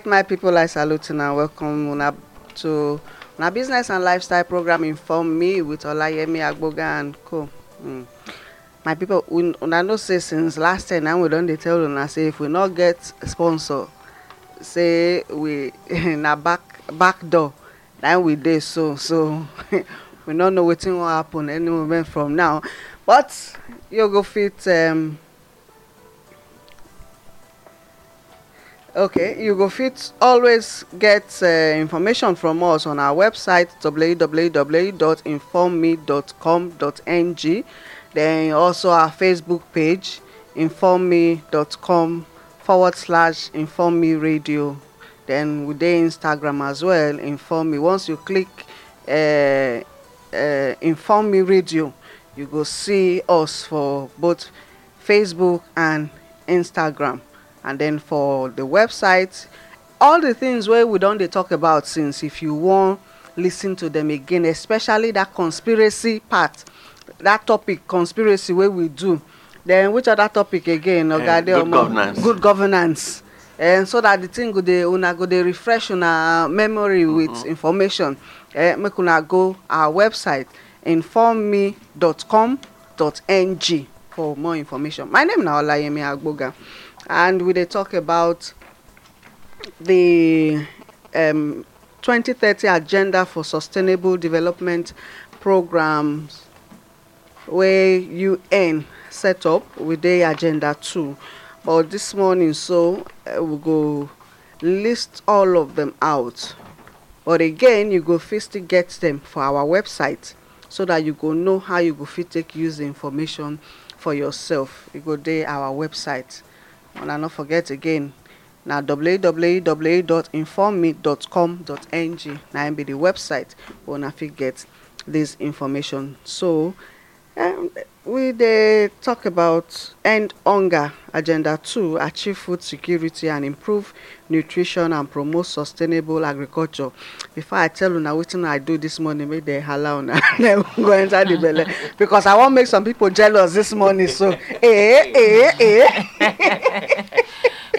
right my people i salute and welcome una to una business and lifestyle program inform me with olayemi agboga and co mm. my people una know say since last time na we don dey tell una say if we no get sponsor say we na back back door na we dey so so we no know wetin wan happen any moment from now but you go fit um, Okay, you go fit always get uh, information from us on our website www.informme.com.ng. Then also our Facebook page informme.com forward slash informme radio. Then with the Instagram as well, informme. Once you click uh, uh, informme radio, you go see us for both Facebook and Instagram and then for the website all the things wey we don dey talk about since if you wan lis ten to them again especially that conspiracy part that topic conspiracy wey we do then which other topic again eh, oga good governance good governance And eh, so that the thing go dey una go dey refresh una memory mm -hmm. with information uh, make una go our website informme.com.ng for more information my name na olayemi agboga and we talk about the um, 2030 agenda for sustainable development programs where UN set up with their agenda too. But this morning, so uh, we go list all of them out. But again, you go first to get them for our website so that you go know how you go fit take use the information for yourself. You go there our website. And I not forget again Now www.informme.com.ng now im be the website when I get this information so um, we they talk about end hunger agenda 2 achieve food security and improve nutrition and promote sustainable agriculture before i tell una wetin i do this morning make they hala una then we go enter the belle because i want make some people jealous this morning so eh eh eh.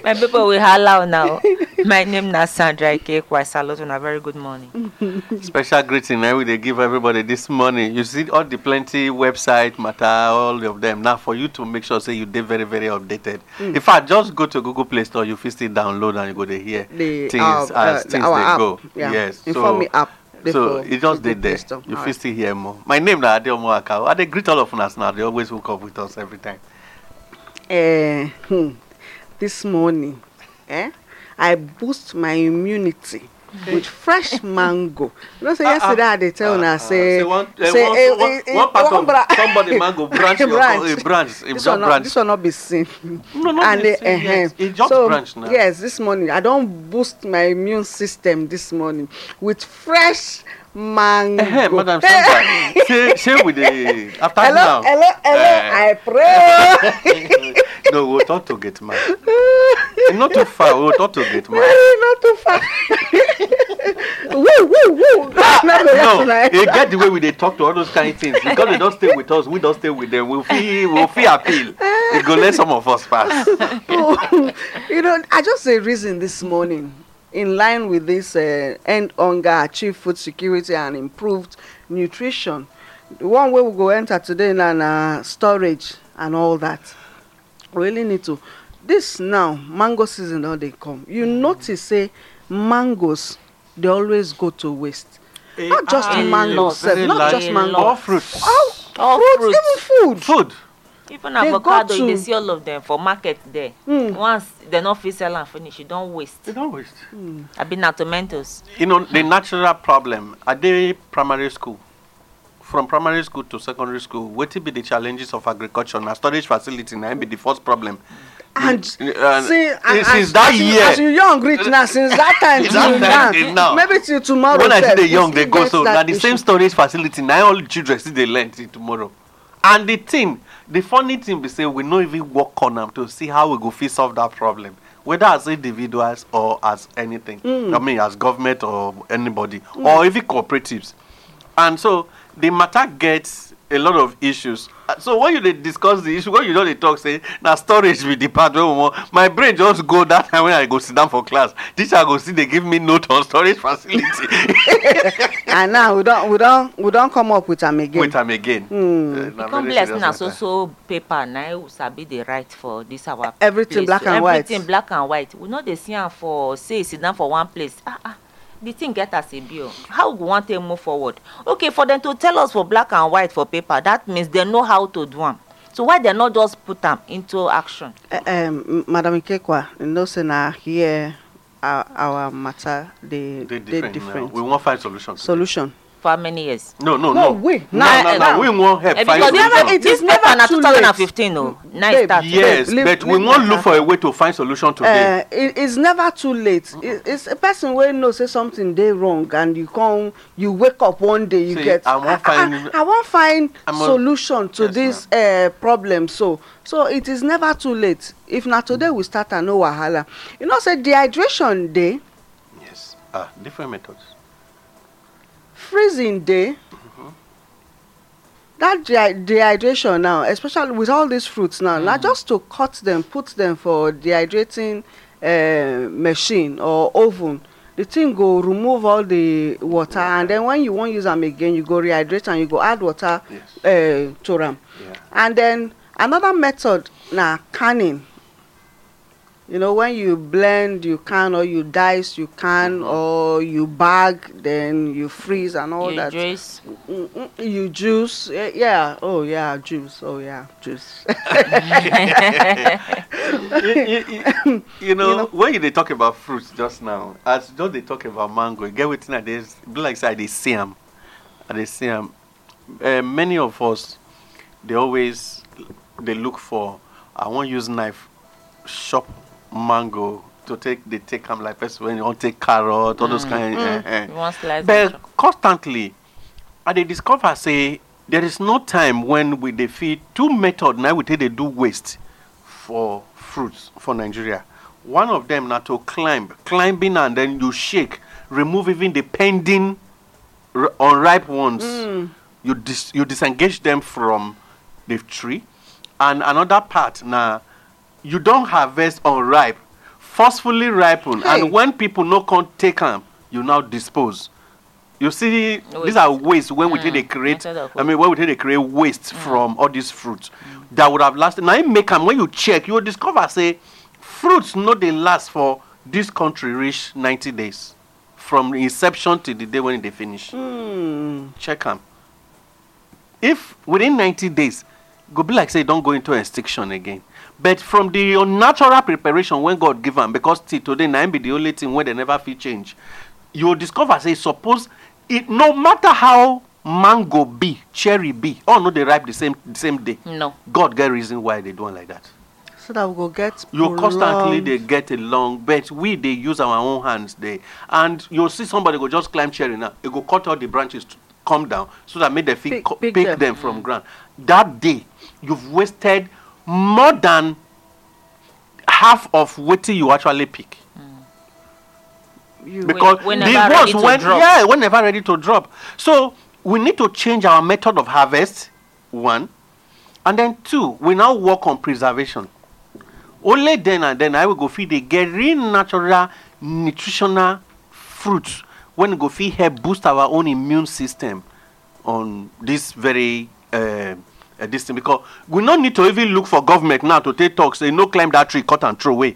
My people will holler now. My name is Sandra Ike Kwaisalot, and a very good morning. Special greeting, man. Eh? They give everybody this morning. You see all the plenty website matter, all of them. Now, for you to make sure, say you did very, very updated. Mm. In fact, just go to Google Play Store. You feel download and you go to hear the, things as uh, things they app, go. Yeah. Yes, inform so, me up. So it just did there. You all feel still hear more. My name is Adeomo Akao. I they greet all of us now. They always hook up with us every time. Uh, hmm. this morning, eh, I boost my immunity. Okay. with fresh mango. You know, so uh, ah, ah. yesterday uh, they tell uh, uh, say, say one, uh, say one, eh, one, uh, one part one of somebody mango branch, branch. Your, uh, branch, this one not, branch. This one not be seen. No, no, and be seen. Uh, yes. It just so, branch now. Yes, this morning I don't boost my immune system this morning with fresh mango. Eh, Madam Sandra, say, say we. the after hello, now. Hello, hello, uh, I pray. no, we ought to get married. not too far. We ought to get married. not too far. woo, woo, woo. Ah, no, you get the way we they talk to all those kind of things because they don't stay with us. We don't stay with them. We'll feel, we'll feel appeal. They go let some of us pass. you know, I just a reason this morning in line with this uh, end hunger, achieve food security, and improved nutrition. The one way we go enter today in uh, storage and all that. really need to this now mango season don dey come you mm. notice say mangoes dey always go to waste a, eh, not just a ah, mango sef not like just mango all fruits all, all fruits, fruits even food food even they avocado you dey see all of them for market there mm. once dem no fit sell am finish you don waste you don waste mm. abi na tomatoes you know the natural problem i dey primary school from primary school to secondary school wetin be the challenges of agriculture na storage facility na be the first problem. and the, mm, mm, uh, since, and since that year as you young reach now since that time till now, now maybe till tomorrow when i see the young dey go so na the same storage facility na all children still dey learn till tomorrow and the thing the funny thing be say we no even work on am to see how we go fit solve that problem whether as individuals or as anything mm. i mean as government or anybody mm. or even cooperatives and so the matter gets a lot of issues uh, so when you discuss the issue when you don they talk say now storage be the part wey my brain just go that time when i go sit down for class teacher go see they give me note on storage facility. and now we don't we don't we don't come up with them again. with them again. Mm. Uh, e come be like say na so so paper na e sabi dey write for this our everything place everything black and white everything black and white we no dey see am for say sit down for one place ah ah the thing get as e be o oh. how we go wan take move forward okay for dem to tell us for black and white for paper that means dem know how to do am so why dem no just put am into action. Uh, um, madam ikekwa you know say na here our, our matter dey dey different, different. we wan find solution. solution for how many years. no no no no wait now now we wan help find solution. never it is never too late this paper na 2015 o nine start. yes babe, but we wan look for a way to find solution today. Uh, it is never too late mm -mm. it's a person wey know say something dey wrong and you come you wake up one day you say, get i wan find i, I wan find I'm a, solution to yes, this uh, problem so so it is never too late if na today we start am no wahala you know say dehydration dey. yes ah different methods freezing day, that de- dehydration now especially with all these fruits now mm. na just to cut them put them for dehydrating uh, machine or oven the thing go remove all the water yeah. and then when you wan use am again you go rehydrate am you go add water yes. uh, to am yeah. and then another method na canning you know when you blend you can or you dice you can mm-hmm. or you bag then you freeze and all you that juice. you juice yeah oh yeah juice oh yeah juice you, you, you, know, you know when they talk about fruits just now as though they talk about mango get with that they be like say they see them they see them uh, eh, many of us they always they look for i won't use knife shop mango to take they take am like first when you want take carrot all mm. those kind mm. eh, eh. but constantly i dey discover say there is no time when we dey feed two method na we take dey do waste for fruits for nigeria one of them na to climb climbing and then you shake remove even the pending r- unripe ones mm. you dis- you disengage them from the tree and another part na you don't harvest unripe forcefully ripen hey. and when people no can take them, you now dispose you see waste. these are waste when mm. we take mm, dey create i mean when we take dey create waste mm. from all these fruits mm. that would have lasted Now im make them. when you check you will discover say fruits no they last for this country reach ninety days from inception to the day when they finish mm. check them. if within ninety days go be like say don't go into extinction again but from the unnatural preparation when God give because till today nine be the only thing where they never feel change you will discover say suppose it no matter how mango be cherry be all no they ripe the same the same day. no God get reason why they do am like that. so that we go get you constantly they get along but we they use our own hands there and you'll see somebody go just climb cherry now it go cut all the branches to come down so that make the fit pick, pick, them, them from mm. ground that day you've wasted more than half of what you actually pick. You because when, this was when yeah, whenever ready to drop. So we need to change our method of harvest, one, and then two, we now work on preservation. Only then and then I will go feed the very natural nutritional fruits when go feed help boost our own immune system on this very uh, uh, this thing because we no need to even look for government now to take talk say no climb that tree cut and throw away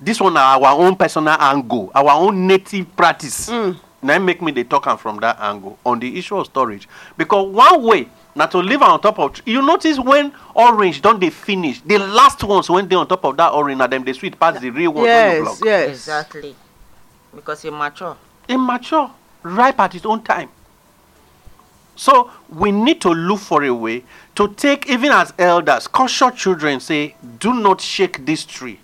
this one na our own personal angle our own native practice mm. na make me dey talk am from that angle on the issue of storage because one way na to leave am on top of you notice when orange don dey finish the last ones wey dey on top of that orange na dem dey sweet pass the real ones yes, wey you pluck. yes yes exactly because e mature. e mature ripe at its own time So we need to look for a way to take, even as elders, caution children, say, do not shake this tree.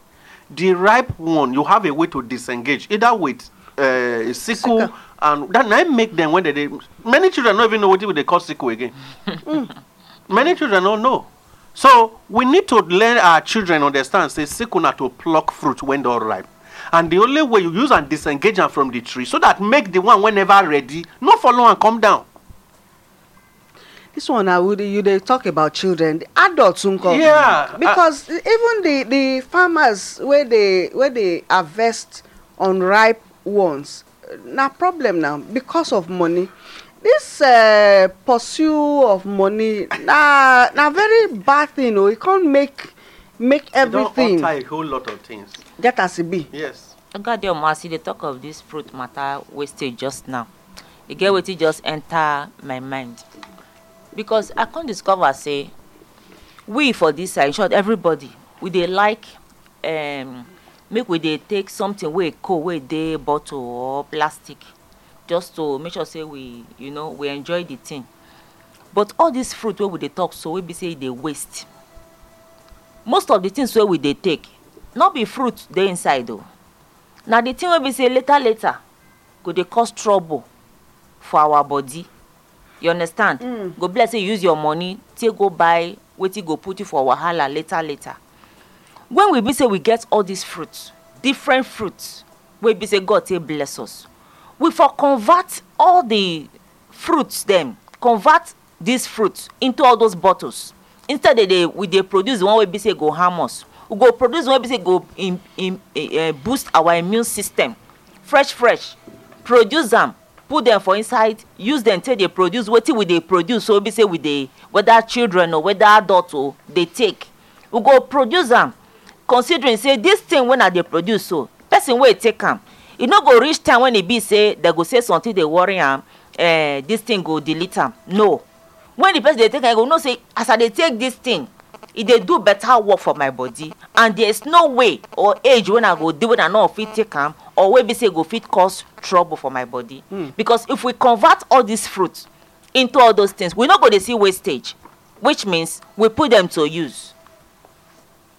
The ripe one, you have a way to disengage, either with uh, sickle, sickle. and that I make them when they, they many children don't even know what they call sickle again. mm. Many children don't know. So we need to let our children understand, say, sickle not to pluck fruit when they're ripe and the only way you use and disengage them from the tree so that make the one whenever ready not follow and come down this one now uh, you they talk about children the adults nko um, yeah because uh, even the the farmers where they where they harvest ripe ones na problem now because of money this uh, pursuit of money na na very bad thing o oh. e can't make make everything e don a whole lot of things get as e be yes ogadiomo as you dey talk of this fruit matter wasted just now It e get it just enter my mind because i come discover say we for this side in short everybody we dey like um, make we dey take something wey cold wey dey bottle or plastic just to make sure say we you know we enjoy the thing but all this fruit wey we dey talk so wey be say e dey waste most of the things wey we dey take no be fruit dey inside o na the thing wey be say later later go dey cause trouble for our body you understand mm. go bless say you use your money take go buy wetin go put you for wahala later later when we be say we get all these fruits different fruits wey be say god take bless us we for convert all the fruits dem convert these fruits into all those bottles instead they dey we dey produce the one wey be say go harm us we go produce the one wey be say go in in uh, boost our immune system fresh fresh produce am put dem for inside use dem take dey produce wetin we dey produce so be say we dey whether children or whether adult o dey take we go produce am considering say this thing wey i dey produce so person wey take am e no go reach time when e be say dem go say something dey worry am eh this thing go delete am no when the person dey take am e go know say as i dey take this thing e dey do better work for my body and there is no way or age when i go deal with I no fit take am or wey be say go fit cause trouble for my body mm. because if we convert all these fruits into all those things we no go dey see wastage which means we put them to use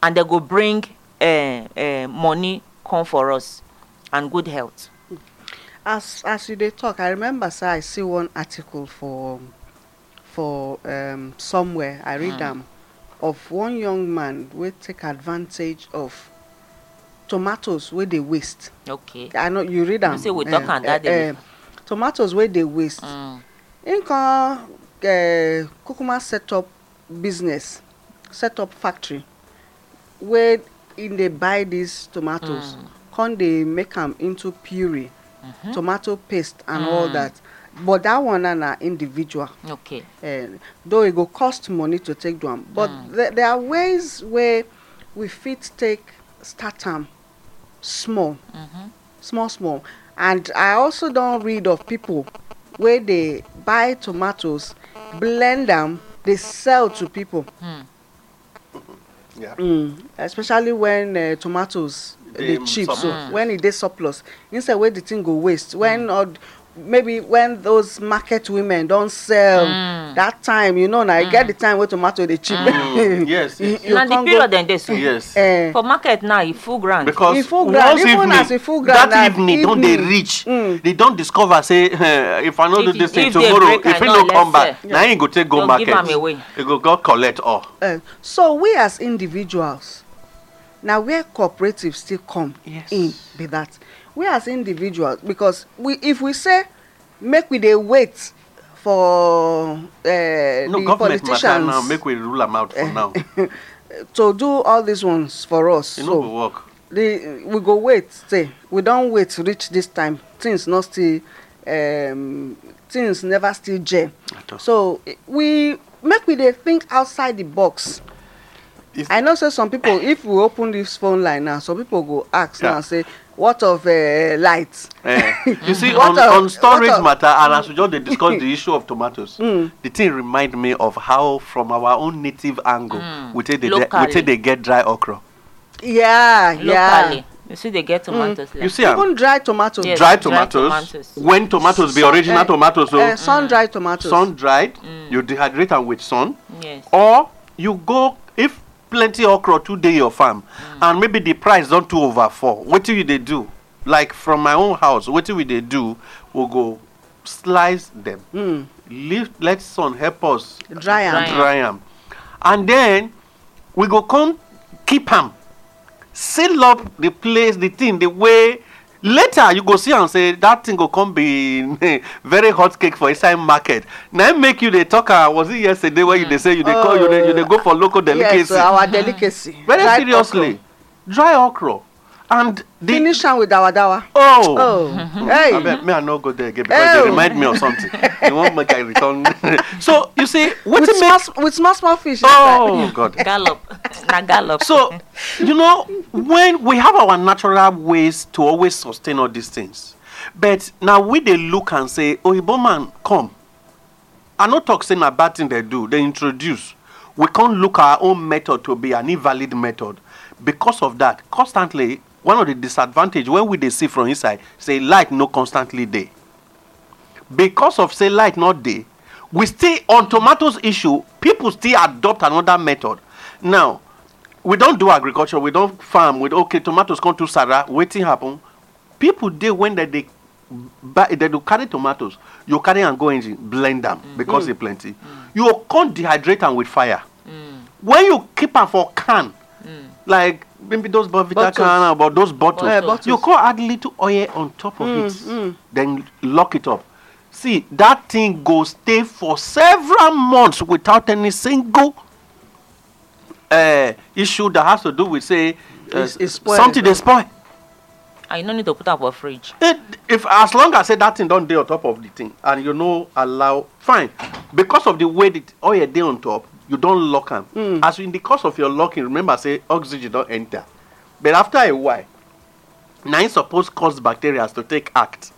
and they go bring uh, uh, money come for us and good health. Hmm. as as you dey talk i remember say i see one article for for um, somewhere i read hmm. am of one young man wey take advantage of tomatoes wey dey waste okay i know you read am you say we talk eh, am that day eh, eh, tomatoes wey dey waste him mm. come kukuma set up business set up factory wey him dey buy these tomatoes mm. come dey make am into puree mm-hmm. tomato paste and all mm. that but that one na na individual okay though e go cost money to take do am but there are ways wey we fit take start am small mm-hmm. small small and i also don read of people wey dey buy tomatoes blend am dey sell to people. Mm. Yeah. Mm, especially when uh, tomatoes dey um, cheap so mm. when e dey surplus instead wey the thing go waste when mm. all maybe when those market women don sell mm. that time you know na mm. e get the mm. time wey tomato dey cheap. Mm. yes, yes. na the period dem dey so yes. uh, for market now e full ground. because e full ground even evening, as e full ground that evening don dey reach mm. they don discover say uh, if i no do this thing tomorrow if he no come back yeah. na him go take go market he go go collect all. Uh, oh. eh. so we as individuals na where cooperatives still come yes. in be that we as individuals because we if we say make we dey wait for uh, no, the politicians now make we rule am out for now to do all these ones for us e so no work the we go wait say we don wait reach this time things no still um, things never still jam. so eh, we make we dey think outside the box Is i know say some people if we open this phone line now some people go ask yeah. now say what of uh, light. Uh, you see on, of, on storage of, matter and as we mm. just dey discuss the issue of tomatoes mm. the thing remind me of how from our own native angle mm. we take dey we take dey get dry okra. yeah locally. yeah. You see, they get mm. tomatoes. Mm. Like you see, even um, dry tomatoes. Yes, dry, tomatoes. When tomatoes sun, be original uh, tomatoes, uh, eh, oh. sun dried tomatoes. Sun dried. Mm. You dehydrate them with sun. Yes. Or you go plenty okra two day your farm mm. and maybe the price don too over four wetin you dey do like from my own house wetin we dey do we go slice them mm. leave let sun help us dry am dry am and then we go come keep am seal up the place the thing the way later you go see am say that thing go come be very hot cake for inside market na im make you dey talk am ah, was it yesterday wey you dey mm. say you dey go for local delicacy yes our delicacy very seriously dry okra and the finish am with dawa dawa. oh oh hey abeg may i no go there again because oh. they remind me of something You one make i return so you see wetin make small, with small small fish. Oh. Mm-hmm. oh god gallop na gallop. so you know when we have our natural ways to always sustain all these things but now we dey look and say oyibo man come i no talk say na bad thing they do they introduce we come look our own method to be an invalid method because of that constantly one of the disadvantage when we dey see from inside say light no constantly dey because of say light not dey we still on tomatoes issue people still adopt another method now we don do agriculture we don farm with okay tomatoes come to sara wetin happen people dey when they dey buy they dey carry tomatoes you carry am go engine blend am mm. because mm. plenty mm. you not dehydrate am with fire mm. when you keep am for can mm. like maybe those but Vita Kana, about those bottles. Uh, bottles. You can add little oil on top of mm, it, mm. then lock it up. See, that thing go stay for several months without any single uh, issue that has to do with say uh, it's, it's something they eh? spoil. I ah, you no need to put up a fridge. It, if as long as say that thing don't dey on top of the thing and you know allow fine because of the way the oil dey on top you don't lock them. mm. as in the course of your locking remember say oxygen don't enter but after a while na im suppose cause bacteria to take act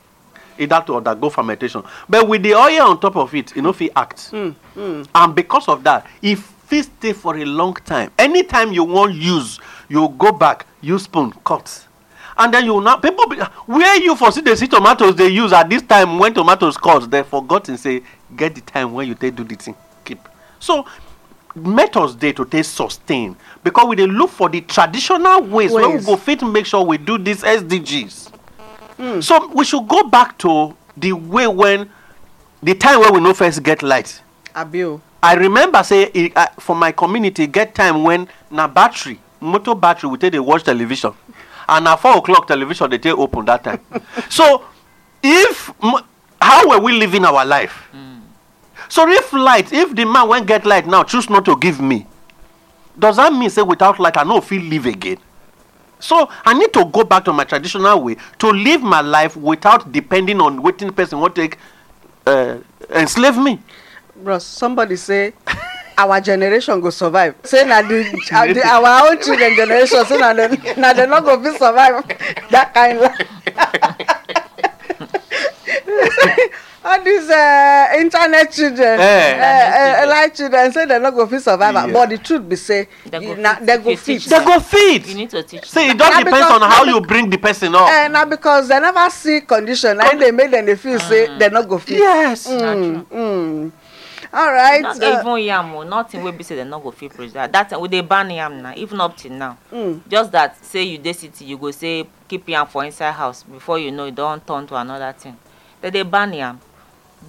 either to undergo fermentation but with the oil on top of it e no fit act mm. Mm. and because of that if fit stay for a long time anytime you want use you go back use spoon cut and then you now people be, where you foresee see dey tomatoes they use at this time when tomatoes cost forgot and say get the time when you take do the thing keep so make us dey to take sustain because we dey look for the traditional ways, ways. wey we go fit make sure we do these sdgs mm. so we should go back to the way when the time when we no first get light Abio. i remember say uh, for my community get time when na battery motor battery we take dey watch television and na four o'clock television dey take open that time so if how were we living our life. Mm. so if light if the man wen get light now choose not to give me does that mean say without light i no fit live again so i need to go back to my traditional way to live my life without depending on wetin person wan take uh, enslave me. bros somebody say our generation go survive say na the, the our own children generation say na dem na dem no go fit survive that kind life. all these uh, internet children eh. uh, light uh, children say they no go fit survive yeah. but the truth be say na dem go fit dem go fit Say e don depend on how you bring the person up. Uh, na because they never see condition na im dey make dem dey feel say mm. they no go fit. yes. Mm, mm. all right. not uh, even yam o oh, nothing wey be say dem no go fit preserve that time we dey ban yam na even up till now. Mm. just that say you dey city you go say keep yam for inside house before you know e don turn to another thing dem dey ban yam.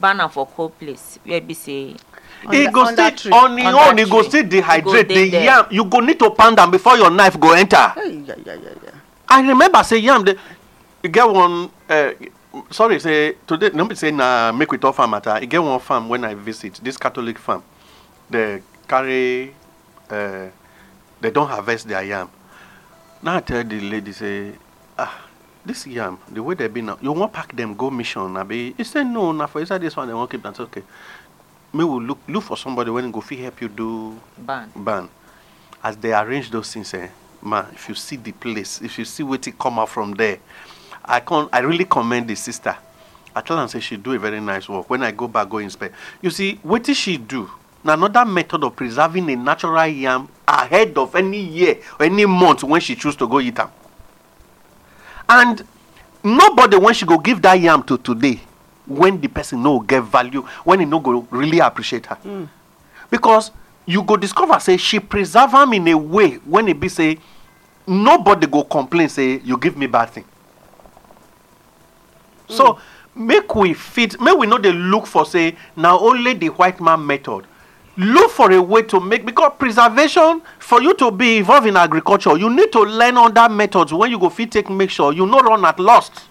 banner for cold place where be say. e go still on im own e go still dehydrate the yam you go need to pound am before your knife go enter. i remember say yam dey e get one uh, sorry say today no be say na make we talk farm matter e get one farm when i visit this catholic farm dey carry uh, they don harvest their yam now i tell the lady say ah this yam the way they be now you wan pack them go mission be, he say no na for inside this one they wan keep am say okay me will look look for somebody wey go fit help you do ban ban as they arrange those things eh ma if you see the place if you see wetin come out from there i con i really commend the sister i tell am say she do a very nice work when i go back go inspect you see wetin she do na another method of preserving a natural yam ahead of any year or any month when she choose to go eat am. And nobody when she go give that yam to today, when the person no get value, when he no go really appreciate her. Mm. Because you go discover say she preserve him in a way when it be say nobody go complain say you give me bad thing. Mm. So make we fit make we no dey look for say na only the white man method look for a way to make because preservation for you to be involved in agriculture you need to learn other methods when you go fit take make sure you no run at lost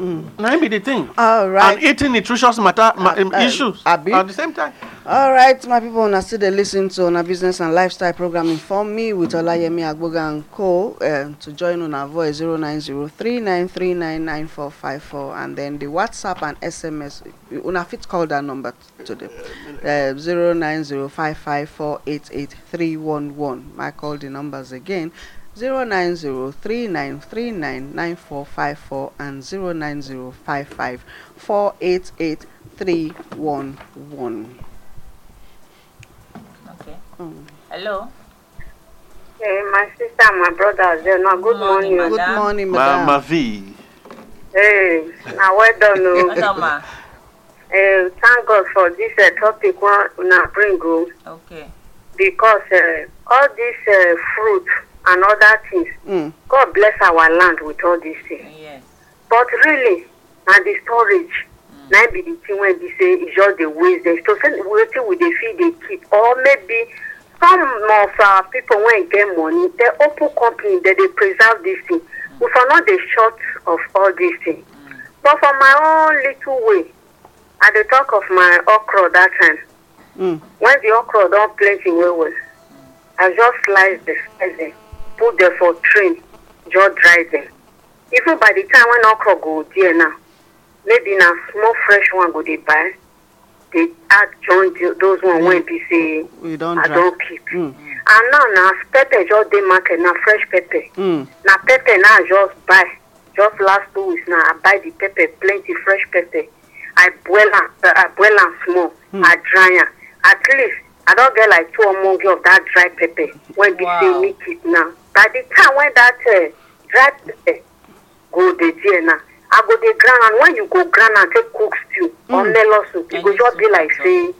Mm. Now be the thing. All right. And eating nutritious matter ma uh, issues uh, at the same time. All right, my people, una still dey lis ten to una business and lifestyle program Inform Me with Olayemi Agboga and Co. Uh, to join our voice zero nine zero three nine three nine nine four five four and then the WhatsApp and SMS una fit call that number today uh, zero nine zero five five four eight eight three one one. I call the numbers again Zero zero nine nine nine nine three three four five four and zero zero nine five five four eight eight 09055488311. Okay. Mm. Hello. Hey, my sister and my brother, they now good morning. morning. Good morning, madam. Ma, ma V. Hey, now well done. No. Oh. hey, eh, thank God for this uh, topic one now bring you. Oh. Okay. Because uh, all this uh, fruit and other things. Mm. God bless our land with all these things. Yes. But really, and the storage, maybe hmm. now be the thing when they say it's just the waste. They still send waiting with the feed they keep. Or maybe some of our people when get money, they open company that they preserve this thing. Mm. We are not the short of all these things. Mm. But for my own little way, at the talk of my okra that time, mm. when the okra don't plenty well, well, I just slice the season. put there for train just dry even by the time when okra go there now maybe na small fresh one go dey buy dey add join those one mm. wey be say i don keep mm. and now na pepper just dey market na fresh pepper mm. na pepper na just buy just last two weeks na i buy the pepper plenty fresh pepper i boil am uh, i boil am small mm. i dry am at least i don get like two ogbonge of that dry pepper wey be wow. say me keep now by the time when that uh, dry pepper uh, go dey there now i go dey grind am when you go grind am take cook stew mm. or melon soup e go just be like say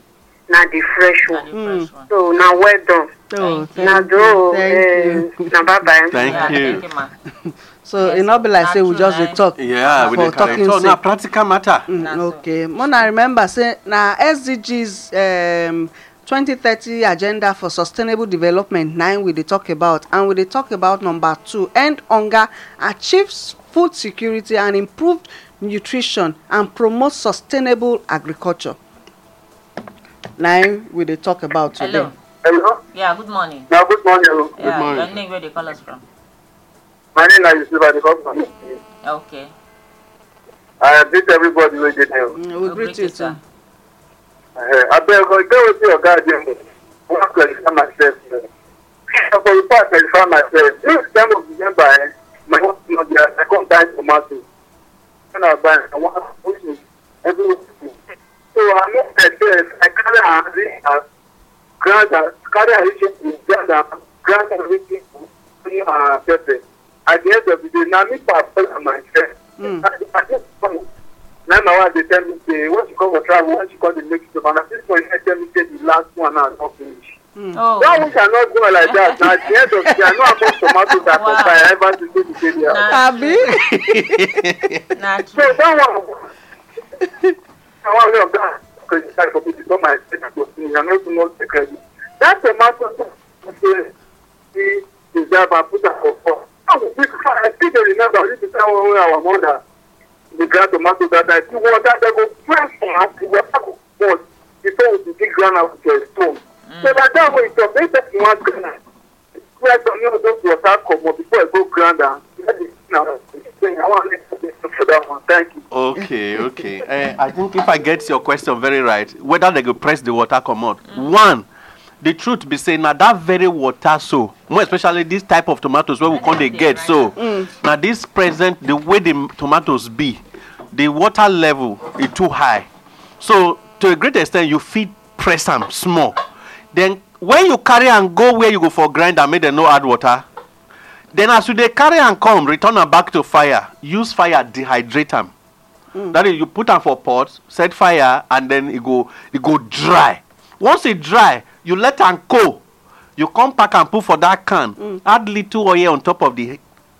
na the fresh one mm. so na well done. Oh, na do uh, na bye bye. thank you. Eh, thank you so e yes, e no be like say we just dey talk yeah, for talking sake. yeah we dey carry na practical matter. Mm, okay mona remember say na sdgs um, 2030 agenda for sustainable development nine we dey talk about and we dey talk about number two end hunger achieve food security and improve nutrition and promote sustainable agriculture Nine, we dey talk about today. hello hello. yeah good morning. na yeah, good morning. Hello. yeah good morning. your name where dey call us from. my name na yusuf i dey call from. okay. i greet everybody wey dey there. Mm, we greet you too. abeg go get wetin your guy dey do i wan clarify myself i go report qualify myself this time of december eh my work no dey i come buy tomato when i buy i wan push it every week so i no get there i carry am reach am grand am carry am reach am grand am grand am reach am free pepper at the end of the day na me pass all my friends. I, Now my wife they tell me say when she come for travel, when she come the next job, and at this point I tell me say the last one now is not finished. Mm. Oh. That one cannot go like that. Now at the end of the day, I know how much tomato that wow. I ever to say the day there. Abi. so that one, that one way of that, because it's like for me to come My say that was me. I know to know the credit. That tomato, we deserve and put that for. I still remember I need this is how our mother gra tomato dada ti wọ dada go press on àti wọ tako pọt before we begin ground out to a stone. so na mm. that way to make person wan ground am press on your those water comot before e go ground am let the thing out okay okay uh, i think if i get your question very right whether they go press the water comot mm. one the truth be say na that very water so more especially this type of tomatoes wey we come dey get right so mm. na this present the way the tomatoes be the water level is too high. So to a great extent, you feed press them small. Then when you carry and go where you go for grind and make them no add water, then as you they carry and come, return them back to fire. Use fire dehydrate them. Mm. That is, you put them for pots, set fire, and then it go it go dry. Once it dry, you let them go. You come back and put for that can. Mm. Add little oil on top of the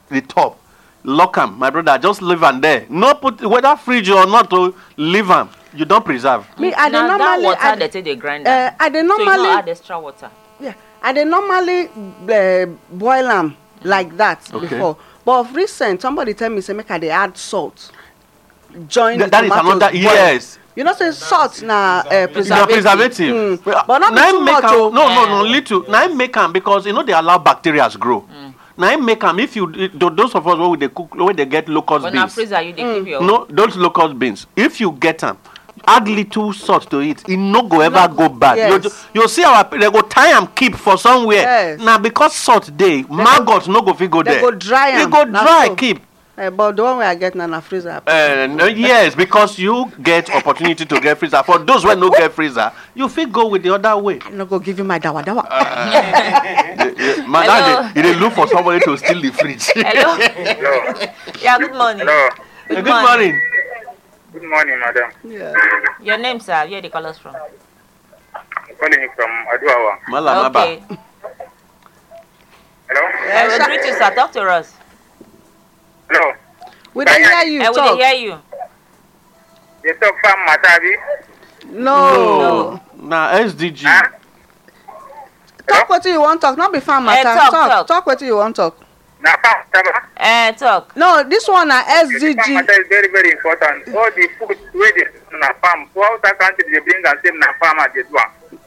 the top lock am my brother just leave am there no put whether fridge or not to oh, leave am you don preserve. me i dey normally na that water dey take dey grind am uh, i normally you no add extra water. Yeah, i dey normally uh, boil am like that okay. before but of recent somebody tell me say make i dey add salt join the tomatoes that is another boil. yes you know say salt na uh, preservative, preservative. Mm. Uh, but not be too much o. Oh. no no no little na im make am because e no dey allow bacteria grow. Mm na im make am if you those of us wey dey cook wey dey get locust beans. but na freezer you dey mm. keep your. no those locust beans if you get am add little salt to it e no go ever no, go bad yes. you, see our they go tie am keep for somewhere yes. na because salt dey maggot no go fit go they go dry am e go dry keep Uh, but the one wey I get now na freezer. Uh, no, yes, because you get opportunity to get freezer. For those wey no get freezer, you fit go with the other way. I no go give you my dawa dawa. Uh, madam, you dey look for somebody to steal the fridge. Hello. Yeah, good morning. Hello. Eh, good, good morning. morning. Good morning, madam. Yeah. Your name, sir? Where the us from? I'm calling from Aduawa. Malamaba. Okay. Hello. Uh, yeah, greetings, sir. Talk to us. No. We don't hear you. Uh, talk. We hear you. They talk farm Matabi. No. no. no. Nah, SDG. Huh? Talk what you want talk, not be farm eh, matter. Uh, talk, talk, talk. talk what you want talk. Na farm matter. Uh, talk. No, this one na SDG. farm matter is very very important. All the food wey dey na farm, all outside country dey bring am same na farmer dey do am.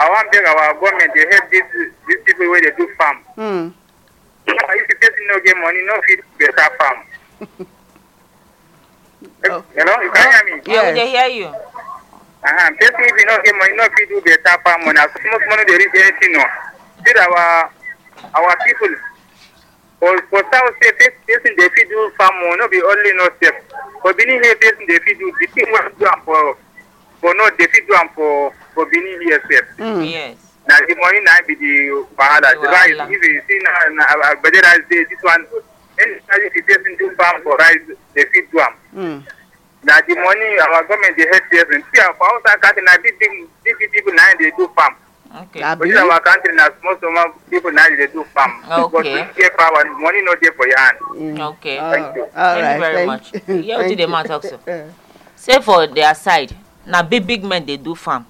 I wan beg our government dey help dis dis people wey dey do farm. Mm. I used to get no get money, no feed better farm. Oh. You can hear me? Yeah, yes. we hear you. Uh-huh. Person if you no get money, no feed do better farm. When as much money they reach anything, no. Still our our people for for south state person dey fit do farm o no be only north state for benin here person dey fit do the thing wey do am for for north dey fit do am for for benin here sef. Mm. yes na the money na be the wahala the rice if you see na na uh, agbede rice dey this one anytime you dey fit do farm for rice they fit do am. Hmm. na the money our government dey help person. see our for outside country na big big big big people na dey do farm. okay but in our country na small small people na dey do farm. okay because we get power money no dey for your hand. Mm. okay oh, thank you all thank you very thank much hear wetin the man talk so say for their side na big big men dey do farm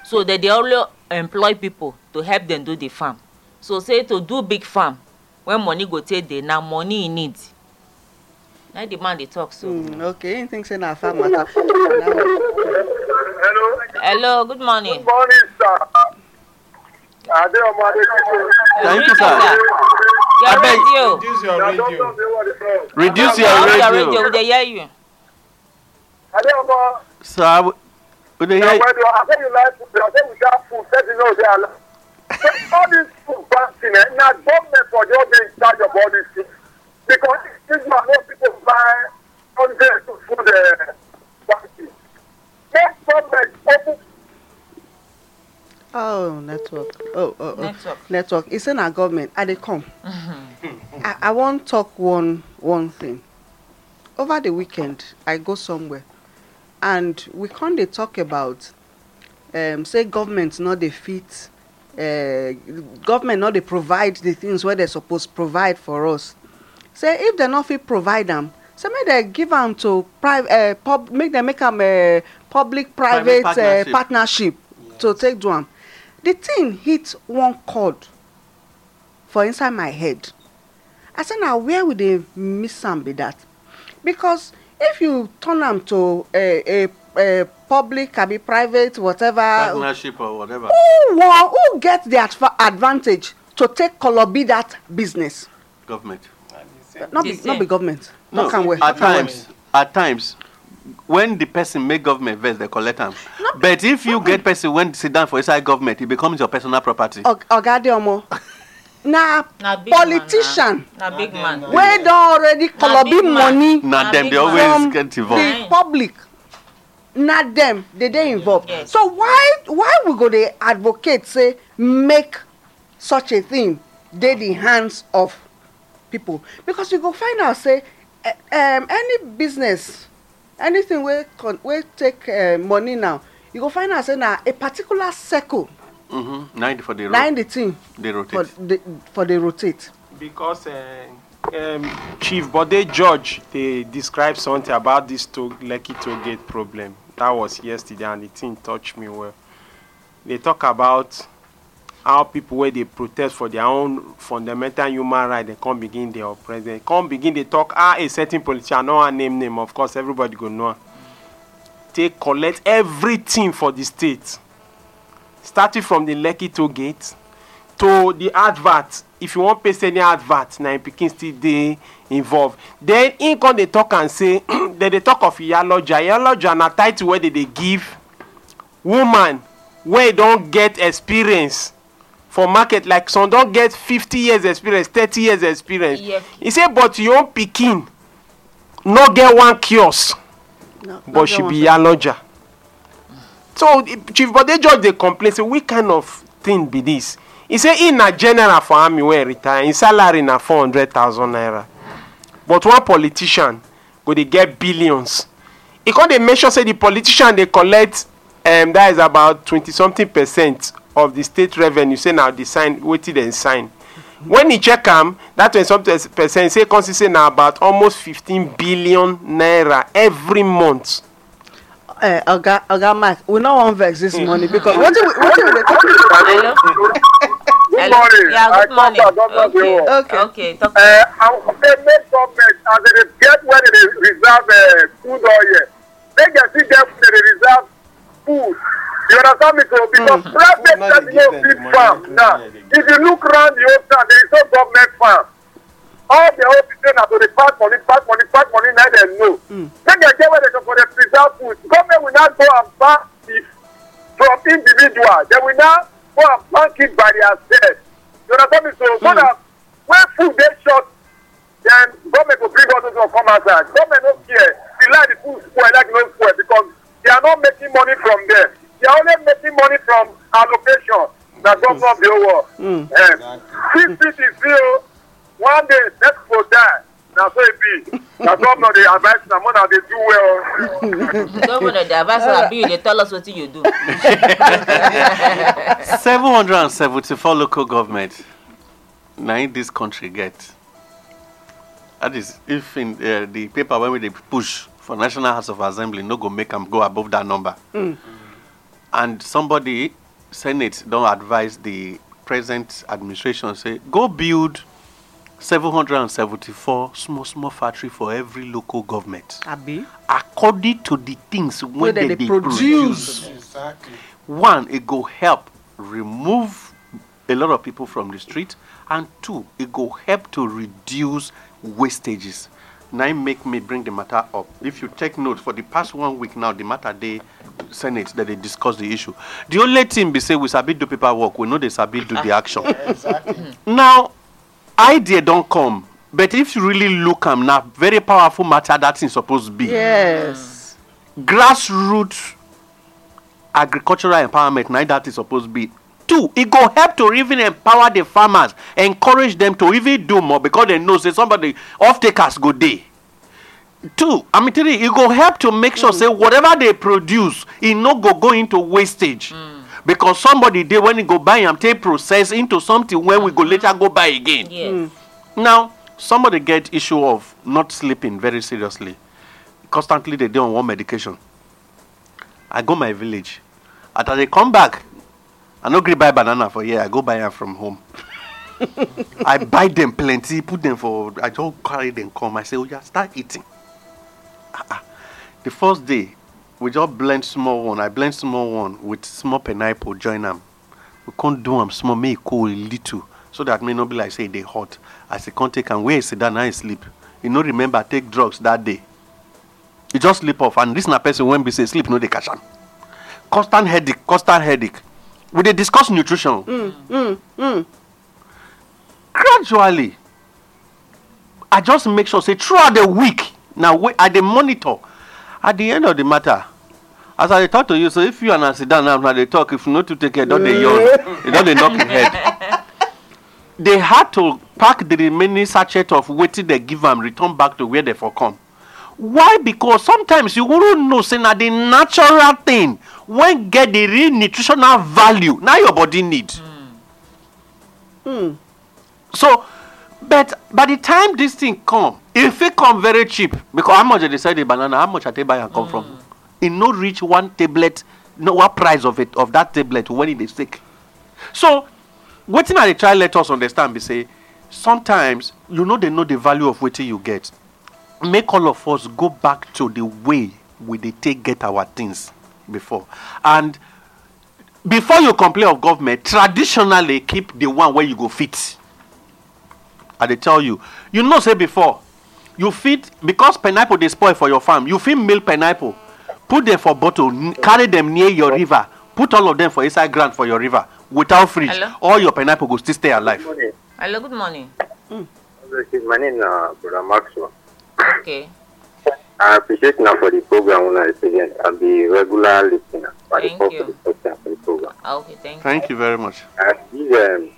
so they dey always employ people to help them do the farm so say to do big farm when money go take dey na money e need na the man dey talk so. Mm, okay him think say na farm matter. hello. hello good morning. good morning sir. adeomo adekunle. thank you sir. your Abeg, radio. reduce your radio. reduce your radio. your radio we dey hear you. adeomo. sir o de yẹ. oh network oh oh oh network, network. It's in our government Are they come mm i want wan talk one one thing over the weekend i go somewhere and we can't dey talk about um, say government not dey fit uh, government not dey provide the things wey dey suppose provide for us say if they're not fit provide them. say make dem give them to private uh, pub make them make them a uh, public private, partnership, uh, partnership yes. to take them. the thing hit one chord for inside my head i say now, where would dey miss some be that because if you turn am to a, a, a public can private whatever. partnership or whatever. who won who get the adv advantage to take kolobi that business. government. no be no be government. no Canwell. at times at times when the person make government vex dey collect am but if you get person wey sit down for inside government e becomes your personal property. oga adeomo na, na politician na, na big man wey don already kolobi money na dem dey always get involved the public na dem dey dey involved yes. so why why we go dey advocate say make such a thing dey the hands of people because you go find out say eh, um, any business anything wey wey take uh, money now you go find out say na a particular circle Mm -hmm. 90 for the rotate. 19 they rotate. For, the, for the rotate. Because uh, um, Chief Bode George, they described something about this to Lekki to gate problem. That was yesterday and the thing touched me well. They talk about how people where they protest for their own fundamental human right, they can't begin their oppress. They can't begin they talk ah a certain politician, no name name, of course everybody go know. They collect everything for the state. starting from the lekki toll gate to the advert if you wan pay any advert na im pikin still dey involved then im come dey talk am say dem dey talk of iyaloja iyaloja na title wey dem dey give woman wey don get experience for market like some don get fifty years experience thirty years experience e yeah. say but your own pikin no get one kiosk no, but she be iyaloja so chief bode george dey complain say which kind of thing be this? He say e na general for army wey retire im salary na four hundred thousand naira but one politician go dey get billions e come dey make sure say the politician dey collect um, that is about twenty something percent of the state revenue say na the sign wetin dem sign when e check am that twenty something percent say come see say na about almost fifteen billion naira every month eh, oga oga Mike. we no wan vex this mm. morning because wetin we wetin we dey talk about. hello. good morning. Yeah, good morning. Okay. Okay. okay. Talk uh, I will say make government as they get where they reserve uh, food oil, they can see them where they reserve food. You understand me? So hmm. because private doesn't no feed farm now. If you look round the whole town, there is no government farm. all the old people na to dey pass money pass money pass money na dem know make dem get where dem go for dey preserve food government will now go and ban beef from individual dem will now go and ban kid by theirself you understand me so mm. so that when food dey short then government go bring all those ones come outside government no care the line the food spoil like no spoil because they are not making money from there they are only making money from allocation na government hmm. dey work. Hmm. Eh, fifty is zero. Oh. one day next for die na so e be na governor dey advise na more na dey do well. governor dey advise na bill dey tell us wetin you do. seven hundred and seventy-four local government na in dis country get that is if in uh, the paper wey we dey push for national house of assembly no go make am go above that number. Mm. and somebody senate don advise the present administration say go build. 774 small small factory for every local government Abi. according to the things when they, they, produce, produce. Exactly. one it go help remove a lot of people from the street and two it go help to reduce wastages now make me bring the matter up if you take note for the past one week now the matter they senate that they discuss the issue the only thing be say we sabi do paperwork we know they sabi do the action exactly. now idea don come but if you really look am na very powerful matter that thing suppose be. yes. grassroots agricultural empowerment na that thing suppose be two e go help to even empower the farmers encourage them to even do more because they know say somebody off takers go dey two i mean three e go help to make sure mm. say whatever they produce e no go go into wastage. Mm. because somebody dey when e go buy am take process into something when we go later go buy again yes. Mm. now somebody get issue of not sleeping very seriously constantly dey dey on one medication i go my village as i dey come back i no gree buy banana for here i go buy am from home i buy them plenty put them for i don't carry them come i say oya oh, start eating ah, ah. the first day we just blend small one. I blend small one with small pineapple, join them. We can't do them small, make it cool a little. So that may not be like say they hot. I say can't take and where is it down and sleep. You know, remember, take drugs that day. You just sleep off. And this na person when be say sleep, no they catch them. Constant headache, constant headache. We they discuss nutrition. Mm, mm, mm. Gradually, I just make sure say throughout the week. Now I they monitor. At the end of the matter, as i dey talk to you so if you and i sit down now dey talk if you no too take care don dey yawn e don dey knock im head they had to pack the remaining sachet of wetin they give am return back to where they for come why because sometimes you wouldn't know say na the natural thing when get the real nutritional value na your body need mm. Mm. so but by the time this thing come e fit come very cheap because how much they sell the banana how much i take buy am come mm. from hmm. He no reach one tablet, no what price of it of that tablet when it is sick. So, waiting at the child let us understand. be say sometimes you know they know the value of waiting you get. Make all of us go back to the way we they take get our things before and before you complain of government traditionally keep the one where you go fit i dey tell you you know say before you fit because pineapple dey spoil for your farm you fit mill pineapple put them for bottle carry them near your river put all of them for inside ground for your river without fridge hello? all your pineapple go still stay alive. good hello good morning. Mm. my name na brother maxwell. okay. i appreciate una for the program una present i be regular lis ten er for thank the purpose of the program. Ah, okay thank thank you very much. and uh, this um,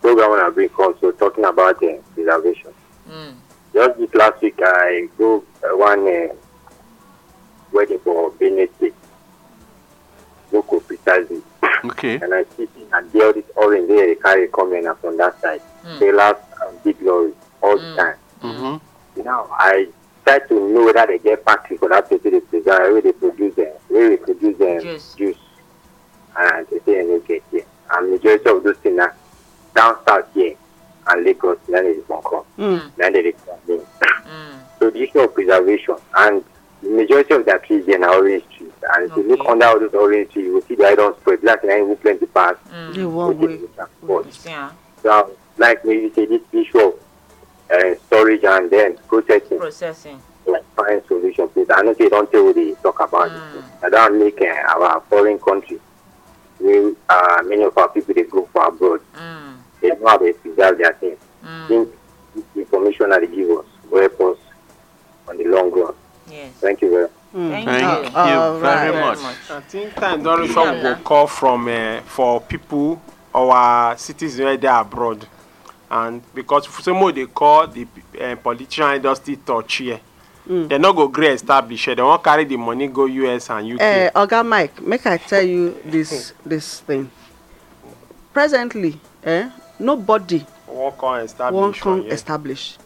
program una bring come so talking about uh, preservation. Mm. just this last week i go uh, one. Uh, waiting for Benue State, Boko precisely. Okay. And I sit and it all in there, they carry coming up from that side. Mm. laugh and big lorry all mm. the hmm. time. Mm-hmm. I try to know whether they get back to that place they produce, where they produce them, where they produce them juice. juice. And they say, get yeah. And majority of those things are down south here and Lagos, then it is Hong Kong. Mm. Then they come in. Mm. So the issue of preservation and the majority of their trees are orange trees. And okay. if you look under all those orange trees, you will see the iron spread. Black line will plenty pass. Mm. The one Yeah. So, like maybe say this issue of uh, storage and then processing. Processing. Like fine solution, please. I know they don't tell they talk about mm. it. I don't make uh, our foreign country. We, uh, many of our people they go for abroad. Mm. They know how they figure their things. Mm. Think the information that they give us will help us on the long run. Yes. Thank you very much. Mm. Thank, Thank you, you very, right. much. much. I think time Dorison will call from uh, for people our cities where they are abroad, and because some they call the uh, politician industry torture. Yeah. Mm. dem no go gree establish They wan carry the money go us and uk. Uh, eh, oga mike make i tell you this this thing presently eh, nobody one can establish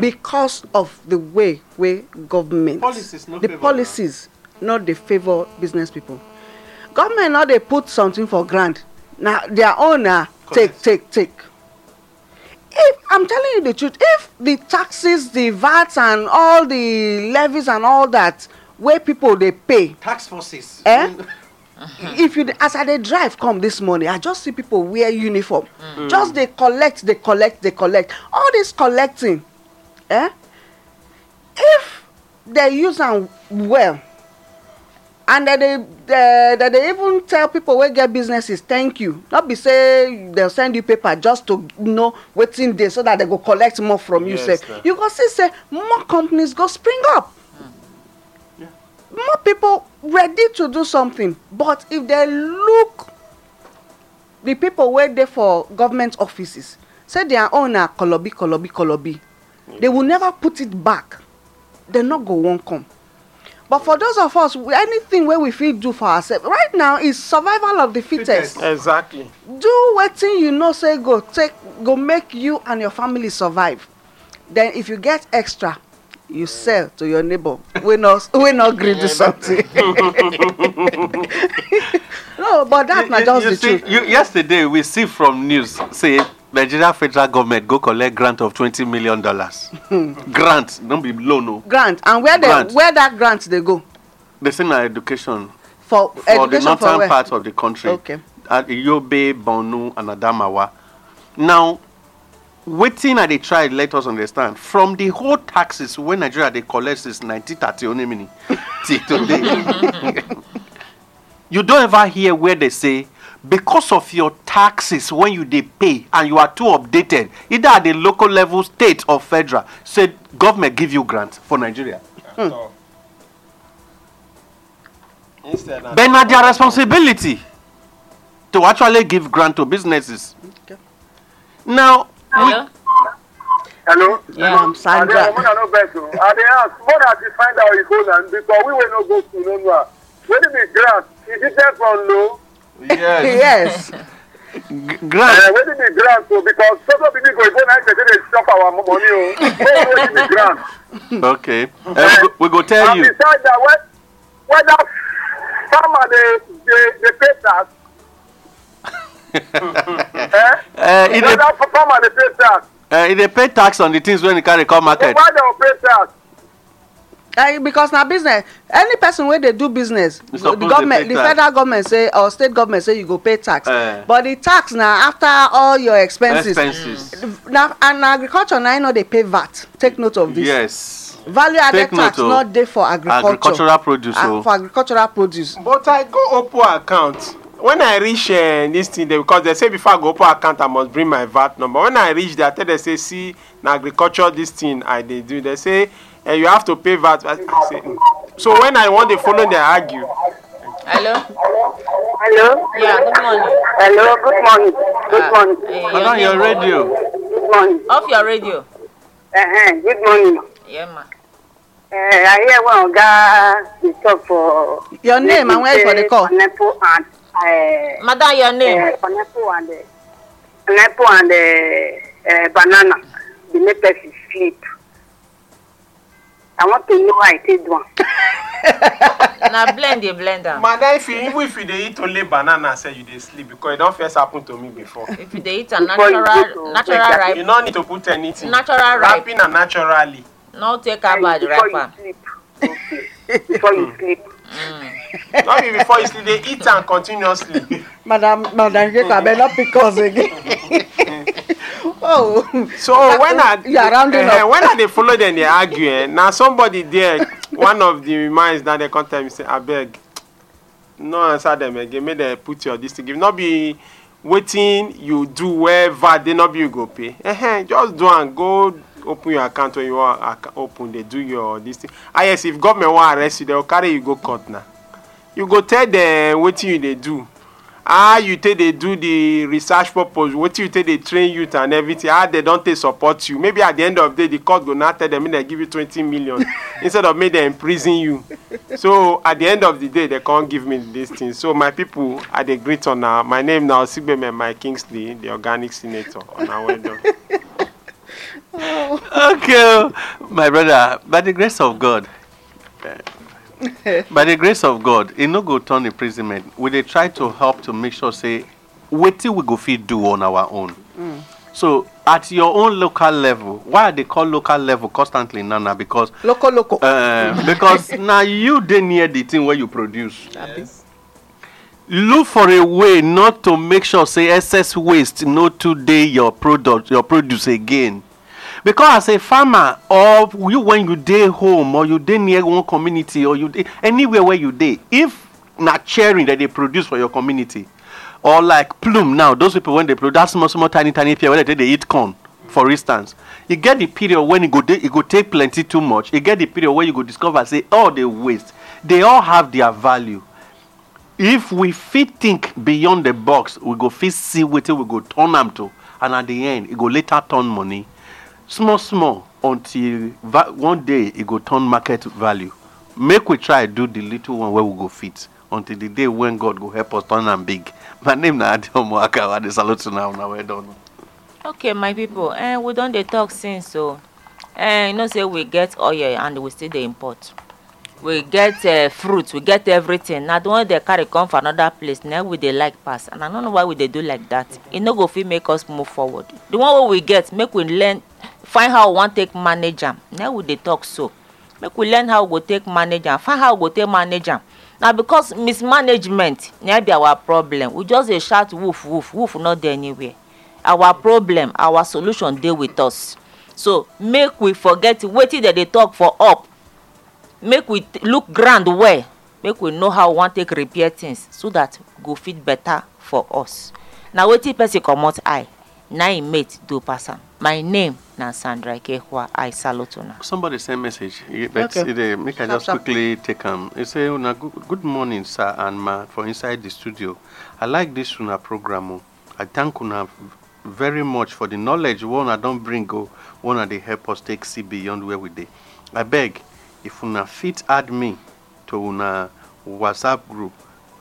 because of the way way government the policies no dey favour business people government no dey put something for ground na their own na uh, take take take if i'm telling you the truth if the taxes the vat and all the levies and all that wey people dey pay tax forces eh Uh-huh. If you as I they drive come this morning, I just see people wear uniform. mm Just they collect, they collect, they collect. All this collecting, eh? If they use them well, and that they that they, even tell people where get businesses thank you not be say they'll send you paper just to know waiting day so that they go collect more from yes, you sef you go see say more companies go spring up more people ready to do something but if they look the people wey dey for government offices say their own na kolobi kolobi kolobi they will never put it back they no go wan come but for those of us anything wey we fit do for ourselves right now is survival of the fittest, fittest. exactly do wetin you know say go take go make you and your family survive then if you get extra you sell to your neighbor wey no wey no gree do something no but that na just the see, truth. You, yesterday we see from news say nigeria federal government go collect grant of twenty million dollars hmm. grant no be loan o. grant and where grant. where that grant dey go. they say na education. for, for education for the northern part of the country. okay. at yobe borno and adamawa now waiting at the trial, let us understand. From the whole taxes when Nigeria they collect is 1930 only mini till today. you don't ever hear where they say because of your taxes when you they pay and you are too updated, either at the local level, state or federal, said government give you grant for Nigeria. Mm. But not their responsibility to actually give grant to businesses. Okay. Now Hello? Hello? Yeah, I'm Sandra. Ade, woman no better. they ask, what than you find out his own because we will not go to Nonwa. When it be grass, is it there from low? Yes. yes. grass. Uh, eh, when it be grass, so because some of people go night they dey chop our money. Oh, when it be grass. Okay. Uh, uh, we go tell and you. And besides that, whether farmer dey dey pay tax eh, e dey farmer dey pay tax. Uh, e dey pay tax on the things wey e carry come market. why dem pay tax. Uh, because na business any person wey dey do business the government the federal government say or state government say you go pay tax uh, but the tax na after all your expenses, expenses. Mm. na and agriculture na no dey pay vat take note of this. yes value added tax no dey for agriculture agricultural produce o uh, ah, oh. for agricultural produce. but i go open account when i reach uh, this thing they because they say before i go open account i must bring my vat number when i reach there i tell them say see na agriculture this thing i they do they say eh you have to pay vat i say so when i want dey follow they argue. hello. hello. yeah good morning. hello good morning. good uh, morning. Uh, turn on your radio. good morning. off your radio. Uh-huh. good morning. yeah ma. Uh, I hear one guy dey talk for. Your name and where you for the call? and Uh, eh, Madam, your name? Uh, pineapple and uh, pineapple and uh, eh, uh, banana. The sleep. I want to know how na blend dey blend am. madam if you even if you dey eat only banana say you dey sleep because e don first happen to me before. if you dey eat am natural natural ripe. you no need to put anything. natural ripe wrapping am naturally. no take wrap am. No, be before you sleep, they eat am continuously. Madam, Madam Jacob, I better pick us again. oh. So when I you uh, when I dey follow them, they argue. Eh, now somebody there, one of the minds that they contact me say, abeg, no answer them again. Make they put your this thing. If not be wetin you do wherever they not be you go pay. Uh eh, -huh, eh, just do am go open your account when you wan open dey do your this thing ah yes if government wan arrest you dem go carry you go court na you go tell dem wetin you dey do how ah, you take dey do the research purpose wetin you take dey train youth and everything how ah, dem don take support you maybe at the end of the day the court go now tell dem make dem give you twenty million instead of make dem imprison you so at the end of the day dem come give me this thing so my people i dey greet una my name na osinbeme my kingsley the organic senator una well done. Okay, my brother, by the grace of God, by the grace of God, it no go turn imprisonment. We they try to help to make sure say, wait till we go feed do on our own. Mm. So at your own local level, why they call local level constantly Nana? because local local. Uh, because now you they near the thing where you produce. Yes. Look for a way not to make sure say excess waste not today your product your produce again because as a farmer or you when you day home or you day near one community or you day anywhere where you day if not sharing that they produce for your community or like plume now those people when they produce small small tiny tiny pear they, they eat corn for instance you get the period when you go it you go take plenty too much you get the period where you go discover say all oh, they waste they all have their value if we fit think beyond the box we go fit see wetin we go turn am to and at the end e go later turn money small small until one day e go turn market value make we try do the little one wey we go fit until the day when god go help us turn am big my name na adeomo akawa i dey salute una una well done. okay my people eh, we don dey talk since o eh, you know say we get oil and we still dey import we get uh, fruit we get everything na the one dey carry come from another place na we dey like pass and i no know why we dey do like that e no go fit make us move forward the one wey we get make we learn find how we wan take manage am na we dey talk so make we learn how we go take manage am find how we go take manage am na because mismanagement na be our problem we just dey shout woof woof woof no dey anywhere our problem our solution dey with us so make we forget wetin dem dey talk for up make we look ground well make we know how we wan take repair things so that go fit better for us na wetin person comot eye na im e mate do pass am my name na sandra ikehua i salute una. somebody send message but okay. they, make i just stop, quickly take am um, He say una good morning sir and ma for inside the studio i like this una program o oh. i thank una very much for the knowledge wey una don bring go wey una dey help us take see beyond where we dey I beg if una fit add me to una whatsapp group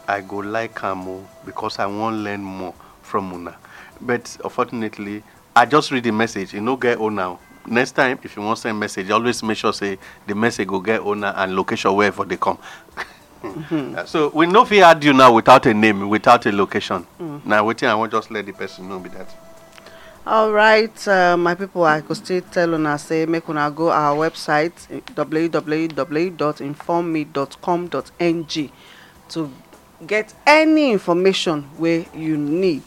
i go like am o oh, because i wan learn more from una But unfortunately, I just read the message. You know, get old now. Next time, if you want to send message, always make sure say the message go get owner and location wherever they come. mm-hmm. So we know if add you now without a name, without a location. Mm. Now waiting, I won't just let the person know be that. All right, uh, my people, I could still tell una say make una go our website www.informme.com.ng to get any information where you need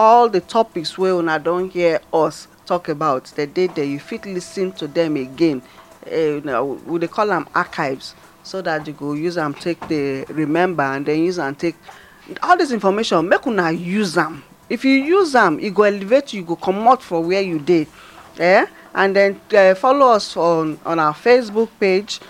all the topics wey una don hear us talk about the day that you fit lis ten to them again uh, we dey call am archives so that you go use am take dey remember and then use am take all this information make una use am if you use am e go elevate you go comot for where you dey eh and then uh, follow us on on our facebook page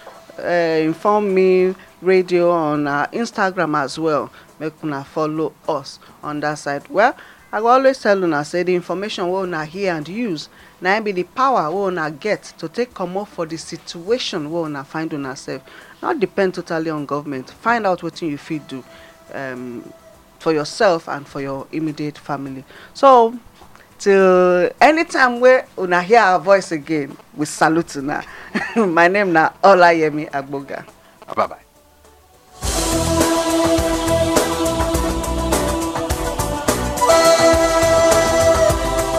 uh, inform me radio on our instagram as well make una follow us on that side well i go always tell una say the information wey una hear and use na be the power wey una get to take comot for the situation wey una find una sef not depend totally on government find out wetin you fit do um, for yourself and for your immediate family so till anytime wey una hear our voice again we salute una my name na olayemi agboga bye bye.